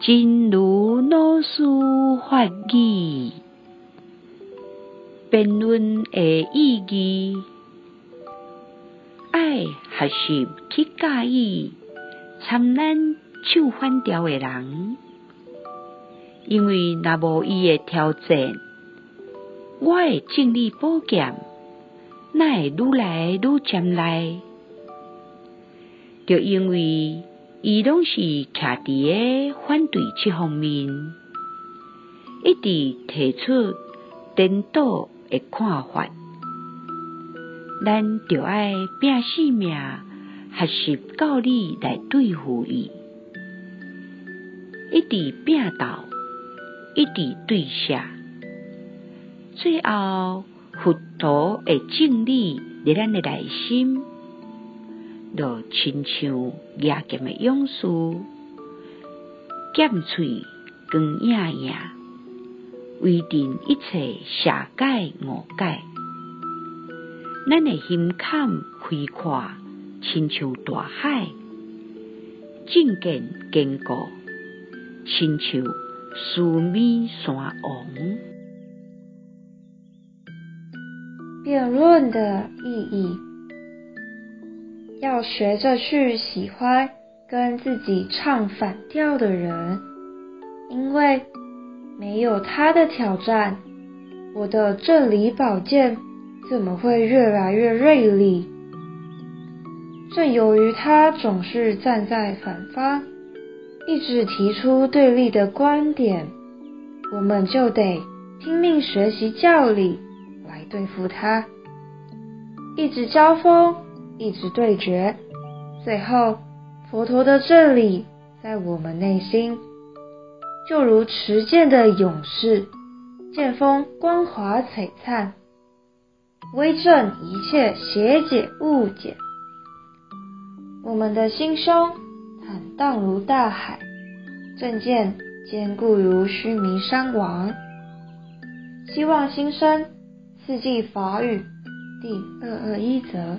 真如老師法語，辯論的意義，愛學習、去甲意、參咱唱反調誒人，因為若無伊誒條件，我的正理寶劍，哪會愈來愈尖銳，就因為，伊攏是站佇誒反對即方面，一直提出顛倒誒看法，咱就愛拼性命，學習教理來對付伊，一直拼鬥，一直對下，最後佛陀會正理立咱誒內心。就親像壓劍的勇士，劍喙光熠熠，威震一切邪解誤解。咱的心坎開闊，親像大海，正見堅固，親像須彌山王。辯論的意義。要學着去喜歡跟自己唱反調的人，因為沒有他的挑戰，我的正理寶劍怎麼會越來越銳利？正由於他總是站在反方，一直提出對立的觀點，我們就得拼命學習教理來對付他，一直交鋒。一直對決，最後佛陀的正理在我們內心，就如持劍的勇士，劍鋒光華璀璨，威震一切邪解誤解。我們的心胸坦蕩如大海，正見堅固如須彌山王。希望新生，四季法語第二二一則。